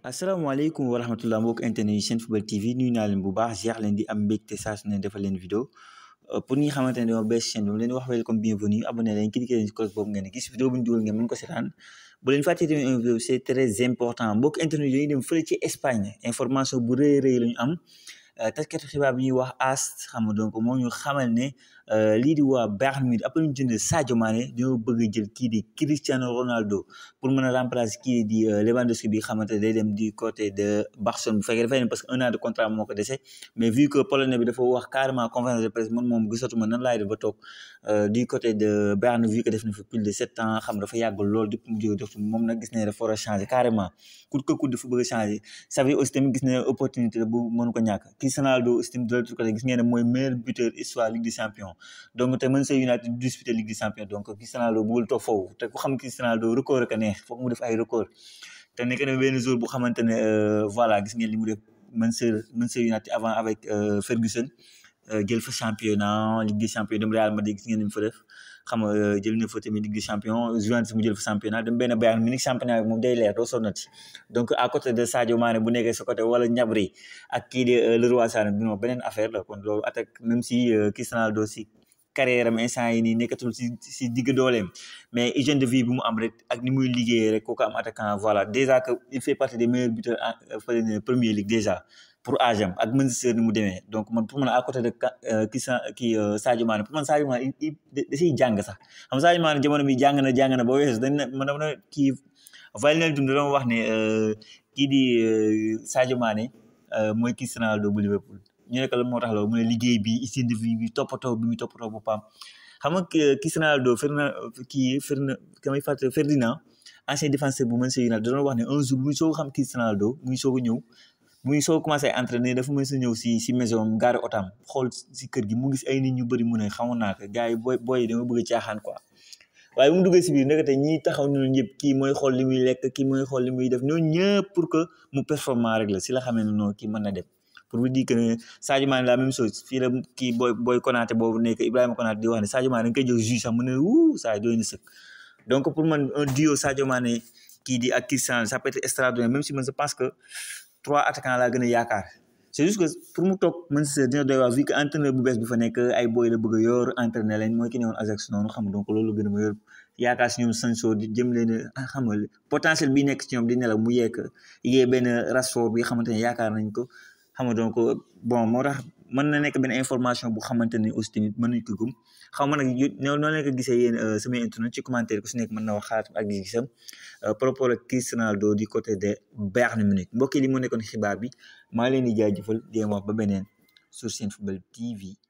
assalamu asalaamaaleykum wa rahmatulah mbokk internet yi Senfootball TV nuyu naa leen bu baax jeex leen di am mbégte saa su ne defal leen vidéo euh, pour ñi nga xamante ne chaîne bi leen wax welcome bienvenue abonné leen cliquer leen ci cloche boobu ngeen gis vidéo bu ñu dugal ngeen mën ko seetaan bu leen fàtte tamit vidéo c'est très important mbokk internet yi dem fële ci Espagne information bu rëy rëy lañu ñu am euh, taskatu xibaar bi ñuy wax ast xam donc moo ñu xamal ne euh, lii di waa Bayern Munich après ñu jënd Sadio Mané dañoo bëgg a jël kii di Cristiano Ronaldo pour mën a remplacer kii di euh, Lewandowski bi xamante day dem du côté de Barcelone bu fekkee dafay ne parce que un an de contrat moo ko dese mais vu que Polonais bi dafa wax carrément conférence de presse man moom gisatuma nan laay def ba toog euh, du côté de Bayern vu que def na fa plus de sept ans xam dafa yàggul lool depuis mu jóge def moom nag gis nañ dafa war a changer carrément coûte que coûte dafa bëgg a changer ça veut aussi tamit gis na opportunité bu mënu ko ñàkk Cristiano Ronaldo aussi tamit de l'autre côté gis ngeen ne mooy meilleur buteur histoire Ligue des Champions donc te Manchester United disputé Ligue des Champions donc Cristiano Ronaldo bëggul toog foofu te ku xam Cristiano record rek neex foog mu def ay record te nekk na benn jour bu xamante ne euh, voilà gis ngeen li mu def Manchester Manchester United avant avec euh, Ferguson euh, jël fa championnat Ligue des Champions dem Real Madrid gis ngeen ni mu fa def xam nga euh, jël na fa tamit ligue des champions Juventus mu jël fa championnat dem benn Bayern donc à côté de Sadio Mané bu nekkee sa wala Gnabry ak kii di euh, Leroy Sané bi non beneen affaire la kon loolu attaque même si euh, Cristiano Ronaldo si carrière am instant yi nii nekkatul si si digg mais hygiène de vie bi mu am rek ak ni muy liggéeyee rek kooku am attaquant voilà déjà que il fait partie des meilleurs buteurs en ligue déjà pour âge am ak ministère ni mu demee donc man pour man a côté de euh, ki sa kii euh, Sadio Mané pour man Sadio Mané i da siy jàng sax xam Sadio Mané jamono bi jàng na jàng na ba weesu dañ ne man dama kii Valérie Dum wax ne euh, kii di Sadio Mané mooy kii Ronaldo bu Liverpool ñu ne ko moo tax loolu mu ne liggéey bi hygiène de vie bi toppatoo bi mu toppatoo boppam xam nga kii Ronaldo Ferna kii Ferna kamay fàttali Ferdinand ancien défenseur bu Manchester United da doon wax ne un jour bu ñu soog a xam kii Ronaldo mu ngi soog a ñëw muy soo commencé à entraîner dafa mën sa ñëw si si maison am gaari otam xool si kër gi mu gis ay nit ñu bëri mu ne xamoon naa ko gars yi boy booy dama bëgg caaxaan quoi waaye bu mu duggee si biir nag te taxaw ñu ñëpp kii mooy xool li muy lekk kii mooy xool li muy def ñoo ñëpp pour que mu performant rek la si la xamee ne noonu kii mën na dem pour vous dire que ne Sadio Mané la même chose fii la kii boy boy Konaté boobu nekk Ibrahima Konaté di wax ne Sadio Mané dañ koy jox juge sax mu ne wuu Sadio doy na sëkk donc pour man un duo Sadio Mané kii di ak Christian ça peut être extraordinaire même si man je pense que trois attaquants laa gën a yaakaar c'est juste que pour mu toog Manchester dina doy waar vu que entraîneur bu bees bi fa nekk ay booy la bëgg a yor entraîneur lañ mooy ki ne woon Ajax noonu xam donc loolu gën a ma yor yaakaar si ñoom Sancho di jëm leen a ah, xamal bi nekk si ñoom di nelaw mu yegg yee benn Rashford bi xamante ne yaakaar nañ ko xam nga donc bon moo tax. mën na nekk benn information bu xamante ne aussi tamit mën nañ ko gëm xaw ma nag ñoo noo leen ko gisee yéen euh, sama internet ci commentaire ku si nekk mën na wax xalaatam ak gis-gisam euh, par rapport ak Cristiano Ronaldo côté de Bayern Munich mbokk yi li mu nekkoon xibaar bi maa leen di jaajëfal di wax ba beneen sur Senfootball TV